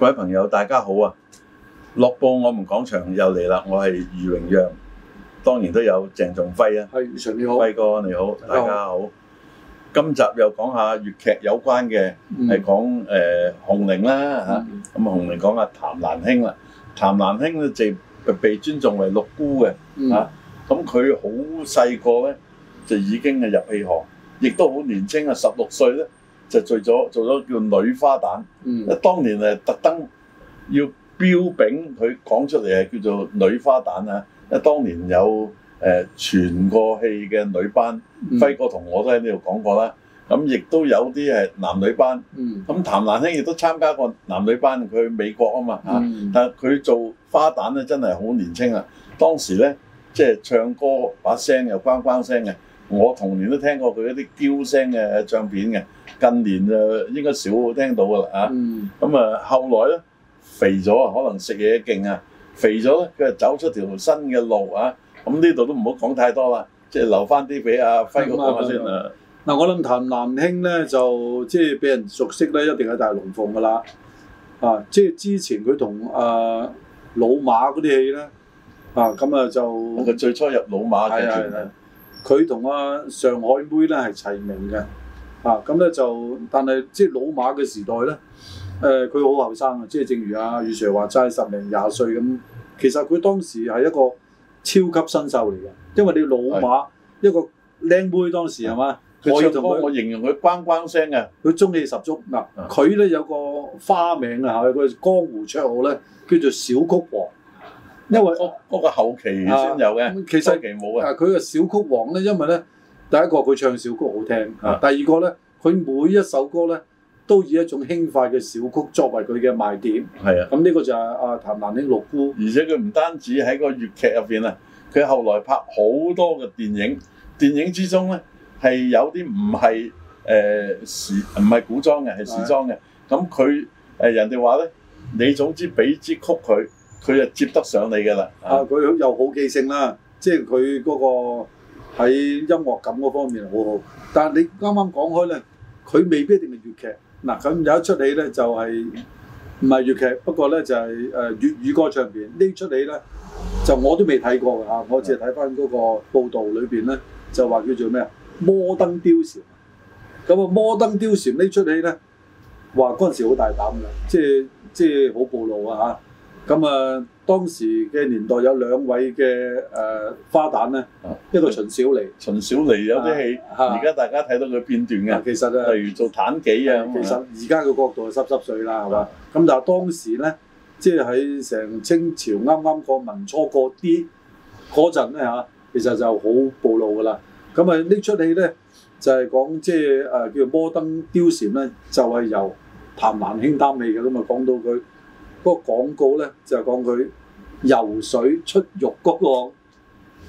各位朋友，大家好啊！樂報，我們講場又嚟啦。我係余榮讓，當然都有鄭仲輝啊。係，你好，輝哥你好，大家好，大家好。今集又講一下粵劇有關嘅，係、嗯、講誒紅伶啦嚇。咁紅伶講下譚蘭卿啦，譚蘭卿咧就被尊重為六姑嘅嚇。咁佢好細個咧，就已經啊入戲行，亦都好年青啊，十六歲咧。就做咗做咗叫女花旦，一、嗯、當年係特登要標炳佢講出嚟係叫做女花旦啊！因為當年有誒、呃、全個戲嘅女班，嗯、輝哥同我都喺呢度講過啦。咁、嗯、亦都有啲係男女班，咁、嗯、譚蘭卿亦都參加過男女班，佢去美國嘛啊嘛嚇，嗯、但係佢做花旦咧真係好年青啊！當時咧即係唱歌把聲又關關聲嘅。我童年都聽過佢一啲嬌聲嘅唱片嘅，近年就應該少聽到㗎啦嚇。咁、嗯、啊，後來咧肥咗啊，可能食嘢勁啊，肥咗咧佢就走出條新嘅路啊。咁呢度都唔好講太多啦，即係留翻啲俾阿輝哥講下先了。嗱、嗯嗯，我諗譚蘭卿咧就即係俾人熟悉咧，一定係大龍鳳㗎啦。啊，即係之前佢同阿老馬嗰啲戲咧，啊咁啊、嗯、就。佢、啊、最初入老馬嘅。佢同阿上海妹咧係齊名嘅，啊咁咧就，但係即係老馬嘅時代咧，誒佢好後生啊。即係正如阿余 Sir 話齋十零廿歲咁，其實佢當時係一個超級新秀嚟嘅，因為你老馬是一個靚妹當時係嘛，可我形容佢咣咣聲嘅，佢中氣十足。嗱、啊，佢咧是有個花名啊嚇，佢江湖綽號咧叫做小曲王。因為嗰個後期先有嘅，啊、其實後期冇嘅。佢個小曲王咧，因為咧，第一個佢唱小曲好聽，啊、第二個咧，佢每一首歌咧都以一種輕快嘅小曲作為佢嘅賣點。係啊，咁呢、嗯這個就係阿譚蘭卿六姑。啊、而且佢唔單止喺個粵劇入邊啊，佢後來拍好多嘅電影，電影之中咧係有啲唔係誒時唔係古裝嘅，係時裝嘅。咁佢誒人哋話咧，你總之俾支曲佢。佢就接得上你㗎啦，啊，佢又好記性啦，即係佢嗰個喺音樂感嗰方面好好。但係你啱啱講開咧，佢未必一定係粵劇嗱。咁有一出戲咧就係唔係粵劇，不過咧就係誒粵語歌唱片。這出戲呢出戲咧，就我都未睇過㗎。我只係睇翻嗰個報導裏邊咧，就話叫做咩啊？摩登貂蟬咁啊！摩登貂蟬呢出戲咧，話嗰陣時好大膽㗎，即係即係好暴露啊嚇。咁啊，當時嘅年代有兩位嘅誒、呃、花旦咧，啊、一個秦小梨。秦小梨有啲戲，而家、啊、大家睇到佢片段嘅，啊啊、其實啊，例如做妲己啊，咁其實而家嘅角度係濕濕碎啦，係嘛、啊？咁吧但嗱，當時咧，即係喺成清朝啱啱過民初嗰啲嗰陣咧吓，其實就好暴露噶啦。咁、就是就是、啊，呢出戲咧就係講即係誒叫摩登貂蟬咧，就係由譚蘭卿擔戲嘅，咁啊、嗯、講到佢。嗰個廣告咧就講、是、佢游水出肉骨浪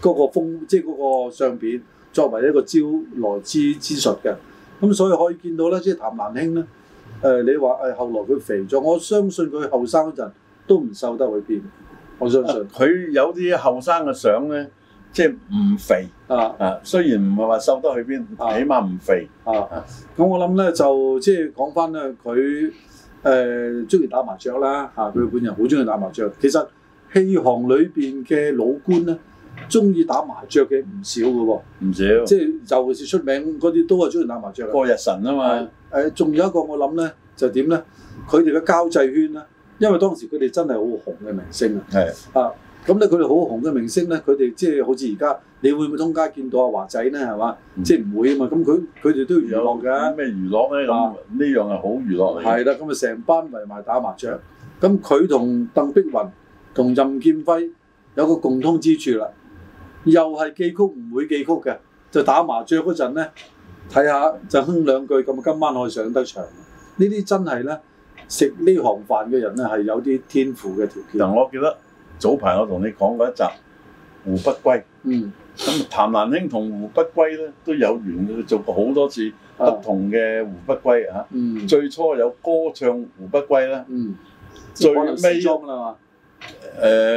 嗰個風，即係嗰個相片作為一個招來之之術嘅。咁所以可以見到咧，即係譚蘭卿咧，你話誒後來佢肥咗，我相信佢後生嗰陣都唔瘦得去邊。我相信佢有啲後生嘅相咧，即係唔肥啊啊，雖然唔係話瘦得去邊，起碼唔肥啊。咁、啊、我諗咧就即係講翻咧佢。就是誒中意打麻雀啦嚇，佢、啊、本人好中意打麻雀。其實戲行裏邊嘅老官咧，中意打麻雀嘅唔少㗎喎、啊，唔少。即係尤其是出名嗰啲都係中意打麻雀。過日神啊嘛。誒，仲、呃、有一個我諗咧，就點、是、咧？佢哋嘅交際圈咧，因為當時佢哋真係好紅嘅明星的啊。係啊。咁咧，佢哋好紅嘅明星咧，佢哋即係好似而家，你會唔會通街見到阿華仔咧？係、嗯、嘛，即係唔會啊嘛。咁佢佢哋都要娛樂㗎、啊，咩娛樂咧？咁呢、啊、樣係好娛樂嚟。係啦，咁咪成班圍埋打麻雀。咁佢同鄧碧雲、同任劍輝有個共通之處啦，又係記曲唔會記曲嘅，就打麻雀嗰陣咧，睇下就哼兩句。咁今晚可以上得場。呢啲真係咧，食呢行飯嘅人咧係有啲天賦嘅條件。嗱，我記得。早排我同你講過一集《胡不歸》，嗯，咁譚蘭卿同胡不歸咧都有緣嘅，做過好多次不同嘅胡不歸啊。嗯，最初有歌唱胡不歸啦，嗯，最尾誒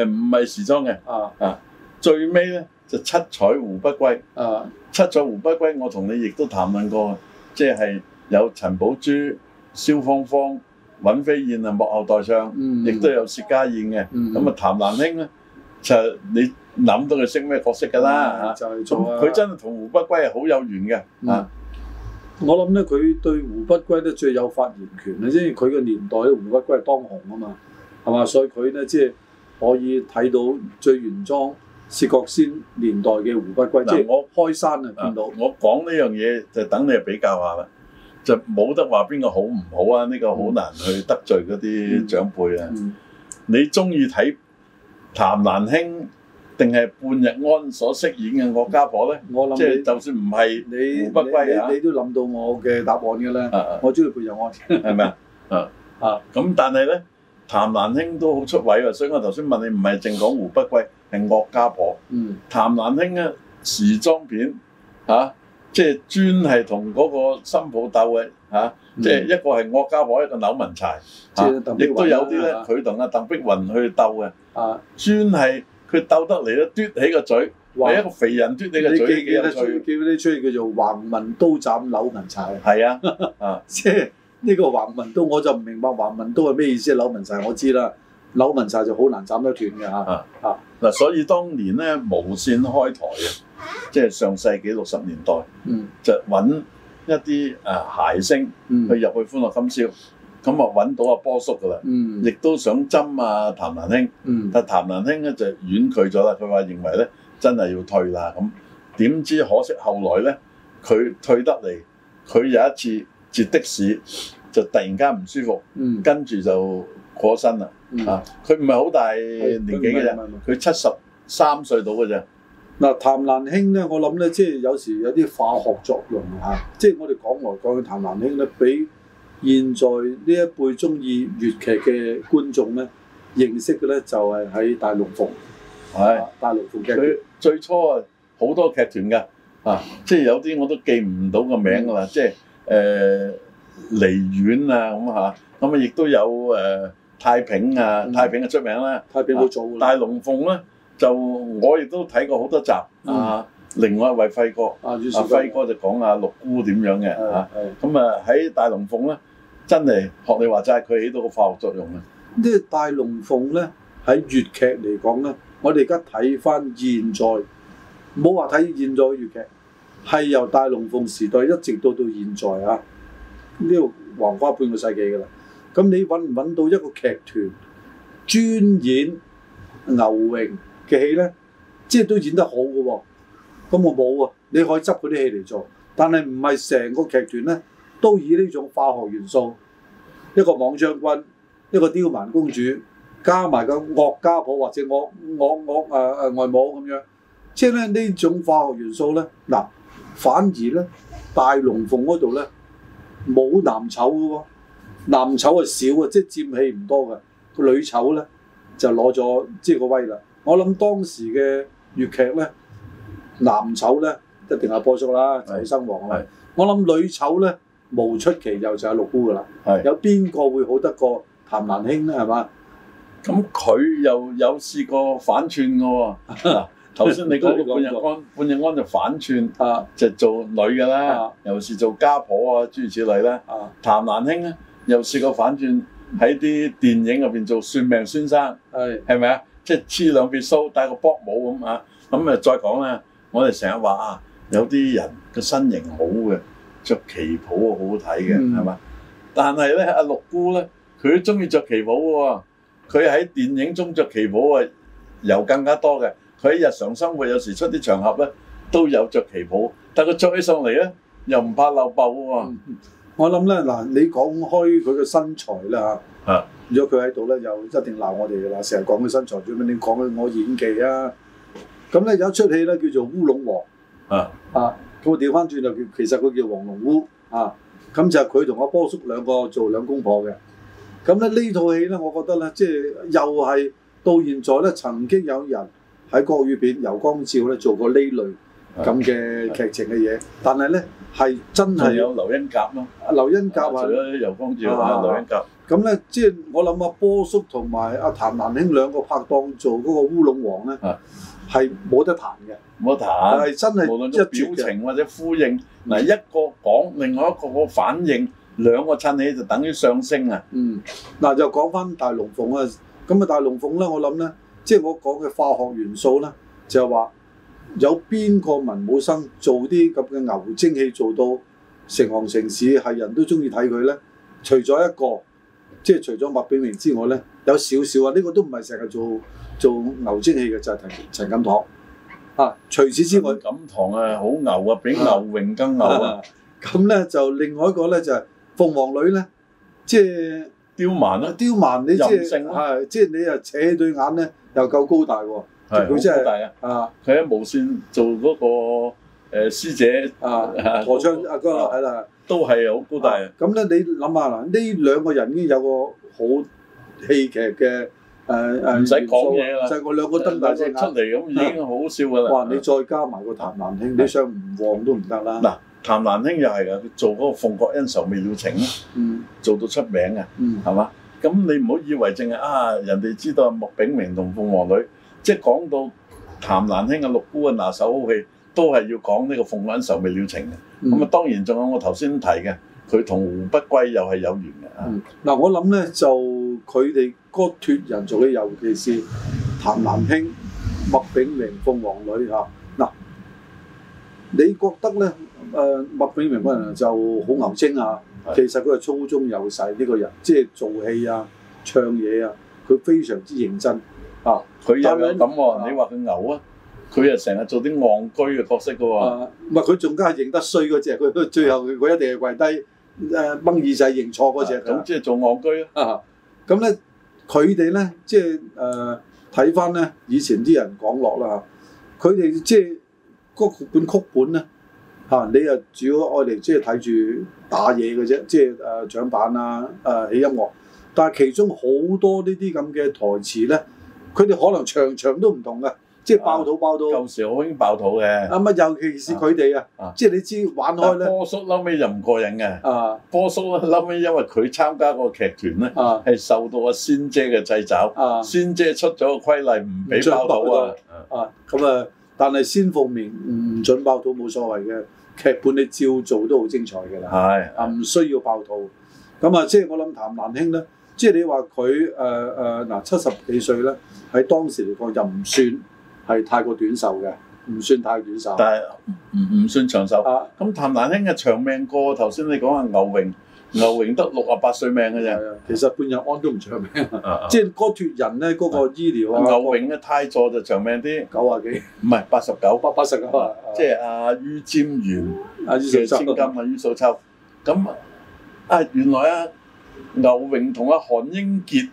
唔係時裝嘅，啊、呃、啊，最尾咧就七彩胡不歸，啊，七彩胡不歸我同你亦都談論過，即係有陳寶珠、蕭芳芳。尹飛燕啊，幕後代唱，亦都有薛家燕嘅。咁啊、嗯，嗯、譚蘭卿咧，就你諗到佢飾咩角色㗎啦嚇？佢、嗯就是啊、真係同胡不歸係好有緣嘅。嗯、啊，我諗咧，佢對胡不歸都最有發言權啊，即係佢個年代咧，胡不歸係當紅啊嘛，係嘛？所以佢咧即係可以睇到最原裝薛覺先年代嘅胡不歸。即係我開山啊，見、嗯、到我講呢樣嘢就等你比較下啦。就冇得話邊個好唔好啊？呢、這個好難去得罪嗰啲長輩啊！嗯嗯、你中意睇譚蘭卿定係半日安所飾演嘅岳家婆咧？呢我諗即係就算唔係、啊、你，你你，你都諗到我嘅答案嘅啦。我中意半日安，係咪啊？啊啊！咁但係咧，譚蘭卿都好出位啊。所以我頭先問你，唔係淨講胡不歸，係岳家婆。嗯、譚蘭卿嘅時裝片嚇。啊即係專係同嗰個新抱鬥嘅嚇，即係一個係惡家婆，一個扭紋柴，亦、嗯啊、都有啲咧，佢同阿鄧碧雲去鬥嘅，啊、專係佢鬥得嚟咧嘟起個嘴，話、啊、一個肥人嘟起個嘴，叫嗰啲叫嗰出嚟叫做橫紋刀斬扭紋柴，係啊，啊即係呢個橫紋刀我就唔明白橫紋刀係咩意思，扭紋柴我知啦。扭紋柴就好難斬得斷嘅嚇，嗱、啊，啊、所以當年咧無線開台啊，即係上世紀六十年代，嗯、就揾一啲誒、啊、諧星去入去歡樂今宵，咁啊揾到阿波叔嘅啦，亦、嗯、都想針啊譚蘭卿，嗯、但譚蘭卿咧就婉拒咗啦，佢話認為咧真係要退啦，咁點知可惜後來咧佢退得嚟，佢有一次截的士就突然間唔舒服，嗯、跟住就，過身啦嚇，佢唔係好大年紀嘅啫，佢七十三歲到嘅啫。嗱、啊，譚蘭卿咧，我諗咧，即、就、係、是、有時有啲化學作用嘅，即係我哋講來講去，譚蘭卿咧，畀現在呢一輩鍾意粵劇嘅觀眾咧，認識嘅咧就係、是、喺大陸鳳，係、哎啊、大陸鳳劇團。佢最初啊，好多劇團㗎，啊，即、就、係、是、有啲我都記唔到個名㗎啦，即係誒梨園啊咁嚇，咁、就是呃、啊亦、啊啊啊、都有誒。呃太平啊，太平啊出名啦，太平好做嘅。大龍鳳咧，就我亦都睇過好多集啊。另外一位輝哥，阿輝哥就講啊，六姑點樣嘅嚇。咁啊喺大龍鳳咧，真係學你話齋，佢起到個化學作用啊。呢大龍鳳咧，喺粵劇嚟講咧，我哋而家睇翻現在，冇話睇現在嘅粵劇，係由大龍鳳時代一直到到現在啊，呢個橫跨半個世紀㗎啦。咁你揾唔揾到一個劇團專演牛榮嘅戲咧？即係都演得好嘅喎、哦。咁我冇啊，你可以執嗰啲戲嚟做，但係唔係成個劇團咧都以呢種化學元素，一個莽將軍，一個刁蠻公主，加埋個岳家婆或者岳岳岳呃呃外母咁樣，即係咧呢種化學元素咧，嗱，反而咧大龍鳳嗰度咧冇男丑嘅喎、哦。男丑係少啊，即係佔戲唔多㗎。個女丑咧就攞咗即係個威啦。我諗當時嘅粵劇咧，男丑咧一定係波叔啦，就生王啊。我諗女丑咧無出其右就係六姑㗎啦。有邊個會好得過譚蘭卿咧？係嘛？咁佢又有試過反串㗎喎。頭先你嗰個半日安，半日安就反串啊，就做女㗎啦。尤其是做家婆啊，諸如此類啦。譚蘭卿啊。又試過反轉喺啲電影入面做算命先生，係咪啊？吧即係黐兩撇須，戴個卜帽咁啊！咁、嗯、啊，再講咧，我哋成日話啊，有啲人個身形好嘅，着旗袍好好睇嘅，係嘛？嗯、但係咧，阿六姑咧，佢鍾中意着旗袍喎。佢喺電影中着旗袍啊，又更加多嘅。佢喺日常生活有時出啲場合咧，都有着旗袍。但佢着起上嚟咧，又唔怕漏爆喎。嗯我諗咧，嗱你講開佢嘅身材啦、啊啊、如果佢喺度咧，又一定鬧我哋嘅啦，成日講佢身材，最尾你講佢我演技啊。咁咧有一出戲咧叫做《烏龍王》，啊啊，咁、啊、我調翻轉就叫其實佢叫《王龍烏》啊。咁就佢同阿波叔兩個做兩公婆嘅。咁咧呢套戲咧，我覺得咧，即係又係到現在咧，曾經有人喺國語片由光照咧做過呢類咁嘅劇情嘅嘢，啊啊、但係咧。係真係有劉恩甲咯，阿劉恩甲啊，除咗遊光照啊，劉恩甲咁咧，即係我諗啊，想波叔同埋阿譚南興兩個拍檔做嗰個烏龍王咧，係冇、啊、得彈嘅，冇、啊、得彈的，係真係無論表情或者呼應，嗱、嗯、一個講，另外一個個反應，兩個襯起就等於上升啊。嗯，嗱就講翻大龍鳳啊，咁啊大龍鳳咧，我諗咧，即、就、係、是、我講嘅化學元素咧，就係話。有邊個文武生做啲咁嘅牛精戲，做到成行成市，係人都中意睇佢咧？除咗一個，即係除咗麥炳明之外咧，有少少啊！呢、這個都唔係成日做做牛精戲嘅就係、是、陳錦、啊、陳錦棠啊。除此之外，錦棠啊好牛啊，比牛榮更牛啊！咁咧、啊、就另外一個咧就係、是、鳳凰女咧，即係刁蠻咯、啊，刁蠻你即成、啊、即係你啊扯對眼咧又夠高大喎、啊！佢真係大啊！佢喺無線做嗰個誒師姐啊，陀槍阿哥係啦，都係好高大啊！咁咧，你諗下啦，呢兩個人已經有個好戲劇嘅誒誒，唔使講嘢啦，就係個兩個登大出嚟咁，已經好笑噶啦！哇！你再加埋個譚蘭卿，你想唔旺都唔得啦！嗱，譚蘭卿又係啊，做嗰個《鳳閣恩仇未了情》咧，做到出名啊，係嘛？咁你唔好以為淨係啊，人哋知道莫炳明同鳳凰女。即係講到譚蘭卿嘅六姑啊，拿手好戲，都係要講呢個鳳閣恩仇未了情嘅。咁啊、嗯，當然仲有我頭先提嘅，佢同《胡不歸》又係有緣嘅。嗱、嗯，我諗咧就佢哋個脫人做嘅，尤其是譚蘭卿、麥炳明、鳳凰女嚇。嗱、啊，你覺得咧？誒、呃，麥炳明嗰人就好牛精啊！嗯、其實佢係粗中有細呢個人，即係做戲啊、唱嘢啊，佢非常之認真。啊！佢又有咁喎、啊，嗯、你話佢牛啊？佢又成日做啲戇居嘅角色嘅喎、啊。唔係佢仲加係認得衰嗰隻，佢最後佢、啊、一定係跪低誒掹耳仔認錯嗰隻，咁、啊嗯嗯嗯、即係做戇居咯。咁咧，佢哋咧即係誒睇翻咧，以前啲人講落啦嚇，佢哋即係嗰本曲本咧嚇、啊，你又主要攞嚟即係睇住打嘢嘅啫，即係誒掌板啊誒、呃、起音樂，但係其中好多呢啲咁嘅台詞咧。佢哋可能場場都唔同嘅，即係爆肚爆肚。有時我已經爆肚嘅。啊嘛，尤其是佢哋啊，即係你知玩開咧。波叔後尾就唔過癮嘅。啊，波叔咧後尾因為佢參加個劇團咧，係受到阿仙姐嘅制肘。啊，仙姐出咗個規例，唔俾爆肚啊。啊，咁啊，但係仙鳳鳴唔準爆肚冇所謂嘅，劇本你照做都好精彩㗎啦。係啊，唔需要爆肚。咁啊，即係我諗譚蘭卿咧。即係你話佢誒誒嗱七十幾歲咧，喺當時嚟講就唔算係太過短壽嘅，唔算太短壽，但係唔唔算長壽。咁譚蘭卿嘅長命過頭先，你講阿牛榮，牛榮得六十八歲命嘅啫，其實半日安都唔長命。即係哥壘人咧，嗰個醫療啊，牛榮咧太座就長命啲，九啊幾唔係八十九，八八十九啊，即係阿于占元，阿于素秋，千金萬于素秋。咁啊啊原來啊！劉榮同阿韓英傑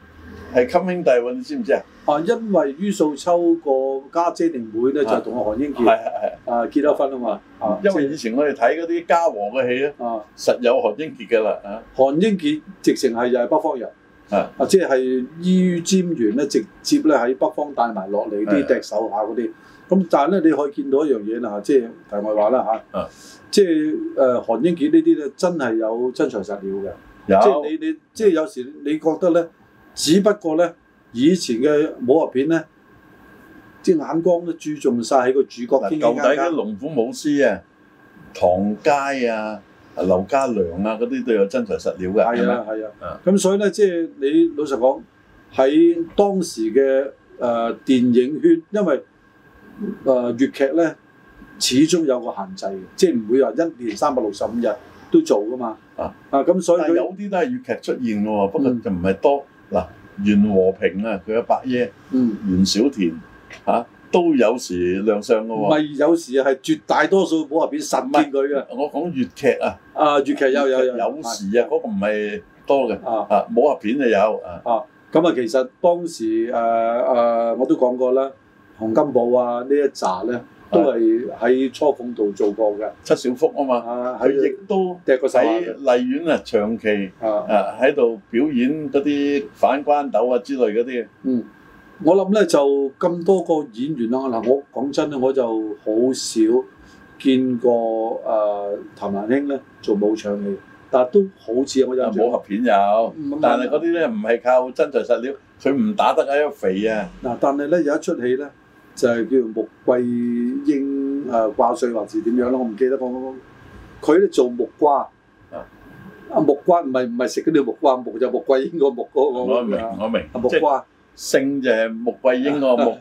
係襟兄弟喎，你知唔知啊？啊，因為于素秋個家姐定妹咧就同阿韓英傑，係係係啊結咗婚啊嘛。啊，因為以前我哋睇嗰啲嘉禾嘅戲咧，啊的，實有韓英傑噶啦。啊，韓英傑直情係又係北方人，是的啊，即係于占元咧直接咧喺北方帶埋落嚟啲敵手下嗰啲。咁的但係咧，你可以見到一樣嘢啦，即係題外話啦吓，啊的啊、即係誒韓英傑呢啲咧真係有真材實料嘅。有即係你你即係有時你覺得咧，只不過咧，以前嘅武俠片咧，啲眼光都注重晒喺個主角經經間間。嗱，舊底啲龍虎武師啊，唐佳啊、劉家良啊嗰啲都有真材實料嘅。係啊係啊，咁嗎所以咧，即係你老實講，喺當時嘅誒、呃、電影圈，因為誒粵劇咧，始終有個限制，即係唔會話一年三百六十五日。都做噶嘛。啊啊，咁所以，但有啲都係粵劇出現喎，不過就唔係多嗱。袁和平啊，佢阿伯爺，袁小田嚇都有時亮相噶喎。唔係有時啊，係絕大多數武俠片實見佢嘅。我講粵劇啊，啊粵劇有有有有時啊，嗰個唔係多嘅啊，武俠片就有啊。啊咁啊，其實當時誒誒我都講過啦，《洪金寶》啊呢一集咧。都係喺初鳳度做過嘅七小福啊嘛，佢亦、啊、都喺麗苑啊長期啊喺度、啊、表演嗰啲反關鬥啊之類嗰啲。嗯，我諗咧就咁多個演員啊嗱，我講真咧，我就好少見過啊譚蘭卿咧做武場戲，但係都好似有武俠片有，嗱但係嗰啲咧唔係靠真材實料，佢唔打得啊，又、就是、肥啊。嗱、啊，但係咧有一出戲咧。就係叫穆桂英誒掛帥，還是點樣咧？我唔記得講講講。佢咧做木瓜，啊木瓜唔係唔係食嗰條木瓜，木就穆桂英個木嗰個。我明，我明。木瓜姓就係穆桂英個木。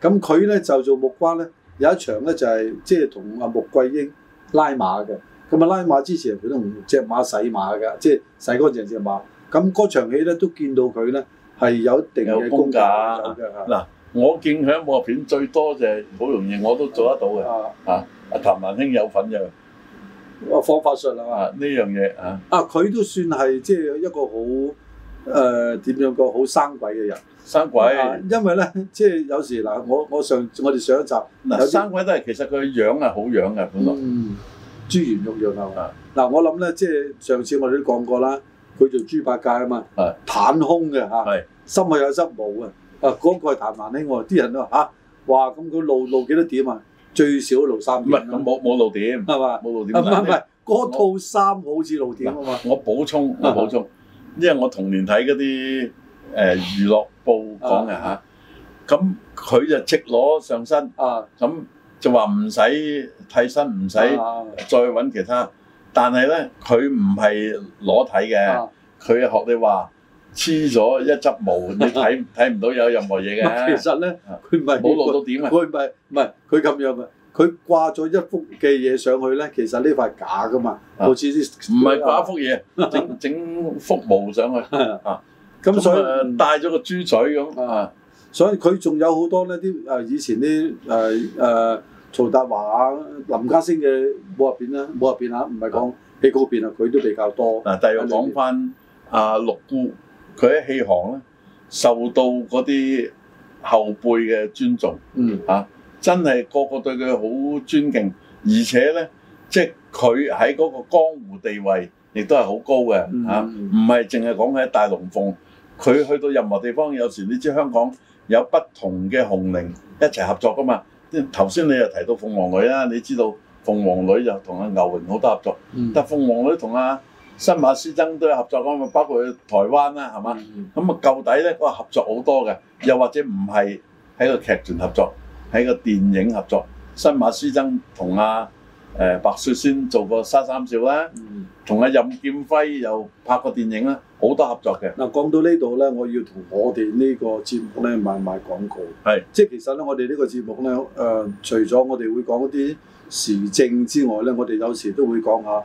咁佢咧就做木瓜咧，有一場咧就係即係同阿穆桂英拉馬嘅。咁啊拉馬之前，佢都同隻馬洗馬嘅，即係洗乾淨隻馬。咁嗰場戲咧都見到佢咧係有一定嘅功架。嗱我見喺武俠片最多的就係好容易，我都做得到嘅。啊，阿譚蘭卿有份嘅，方法術啊，嘛，呢樣嘢啊。啊，佢都算係即係一個好誒點樣個好生鬼嘅人。生鬼。因為咧，即係有時嗱，我我上我哋上一集嗱，生鬼都係其實佢樣係好樣嘅，本來。嗯。豬圓肉樣啊。嗱，我諗咧，即係上次我哋都講過啦，佢做豬八戒啊嘛。係。坦胸嘅嚇。係。身有身毛啊。啊！嗰個係譚蘭卿呢，我啲人都嚇，話咁佢露露幾多點啊？最少露三點。唔係咁，冇冇露點，係冇露點。唔唔，嗰套衫好似露點啊嘛。我補充我補充，因為我童年睇嗰啲誒娛樂報講嘅嚇，咁佢就即攞上身，咁就話唔使替身，唔使再揾其他，但係咧佢唔係裸體嘅，佢學你話。黐咗一執毛，你睇睇唔到有任何嘢嘅。其實咧，佢唔係冇落到點啊！佢唔係唔係佢咁樣啊！佢掛咗一幅嘅嘢上去咧，其實呢塊係假噶嘛，好似啲唔係掛一幅嘢，整整幅毛上去啊！咁所以戴咗個豬嘴咁啊！所以佢仲有好多呢啲誒以前啲誒誒曹達華啊、林家聲嘅武俠片啦、武俠片嚇，唔係講喜劇片啊，佢都比較多。但係我講翻阿六姑。佢喺戲行咧，受到嗰啲後輩嘅尊重，嗯嚇、啊、真係個個對佢好尊敬，而且咧即係佢喺嗰個江湖地位亦都係好高嘅嚇，唔係淨係講喺大龍鳳，佢去到任何地方，有時你知香港有不同嘅紅伶一齊合作噶嘛，頭先你又提到鳳凰女啦，你知道鳳凰女就同阿牛榮好多合作，嗯、但鳳凰女同阿、啊新馬師曾都有合作咁啊，包括台灣啦，係嘛？咁啊、嗯，舊底咧，個合作好多嘅，又或者唔係喺個劇團合作，喺個電影合作。新馬師曾同阿誒白雪仙做過《沙三少》啦、嗯，同阿、啊、任劍輝又拍過電影啦，好多合作嘅。嗱，講到這裡呢度咧，我要同我哋呢個節目咧賣賣廣告。係，是即係其實咧，我哋呢個節目咧，誒、呃，除咗我哋會講啲時政之外咧，我哋有時都會講下。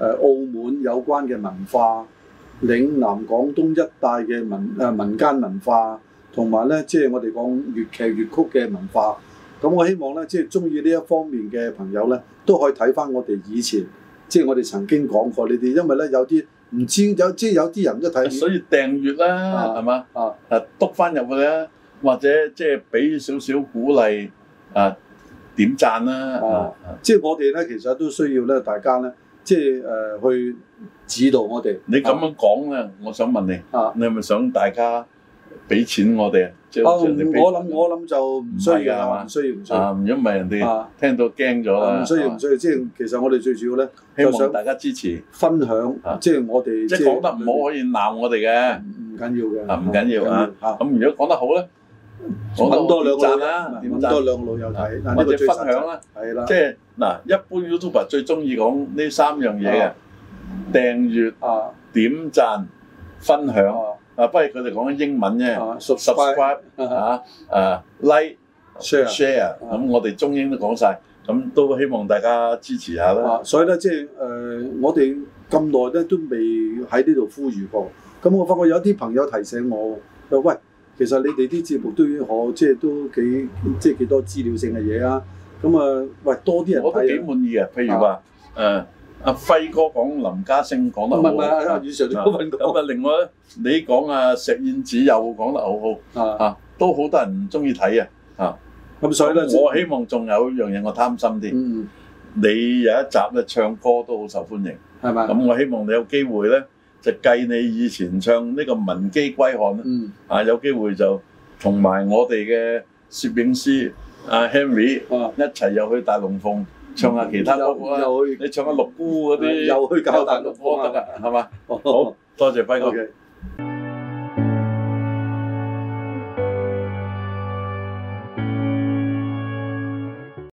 澳門有關嘅文化、嶺南廣東一帶嘅文誒民間文化，同埋咧，即係我哋講粵劇粵曲嘅文化。咁我希望咧，即係中意呢一方面嘅朋友咧，都可以睇翻我哋以前，即係我哋曾經講過呢啲，因為咧有啲唔知有即係有啲人都睇。所以訂閱啦，係嘛？啊，督翻入去啦，或者即係俾少少鼓勵啊，點贊啦。啊，啊啊即係我哋咧，其實都需要咧，大家咧。即係誒去指導我哋。你咁樣講咧，我想問你，你係咪想大家俾錢我哋啊？即係我諗我諗就唔需要啊，唔需要唔需要。啊，如果唔係人哋聽到驚咗啦。唔需要唔需要，即係其實我哋最主要咧，希望大家支持、分享。即係我哋即係講得唔好可以鬧我哋嘅，唔緊要嘅。唔緊要啊，咁如果講得好咧，揾多兩讚啦，點多兩個老友睇，或者分享啦。係啦，即係嗱，一般 YouTuber 最中意講呢三樣嘢嘅，訂閱、點讚、分享。啊，不如佢哋講緊英文啫，subscribe 啊，誒 like share share。咁我哋中英都講晒，咁都希望大家支持下啦。所以咧，即係誒，我哋咁耐咧都未喺呢度呼籲過。咁我發覺有啲朋友提醒我，喂。其實你哋啲節目都可即係都幾即係幾多資料性嘅嘢啊！咁啊，喂，多啲人睇我都幾滿意啊！譬如話，誒阿、啊啊、輝哥講林家聲講得好，唔係唔係啊！以上嗰份啊，另外咧，你講啊石燕子又講得好好啊，啊，都好多人中意睇啊！啊，咁所以咧，我希望仲有一樣嘢，我貪心啲，嗯你有一集咧唱歌都好受歡迎，係咪嗎？咁我希望你有機會咧。就計你以前唱呢個《文姬歸漢》啊，有機會就同埋我哋嘅攝影師阿 Henry 一齊又去大龍鳳唱下其他歌，你唱下《六姑》嗰啲，又去搞大龍鳳啊，係嘛？好多謝輝哥。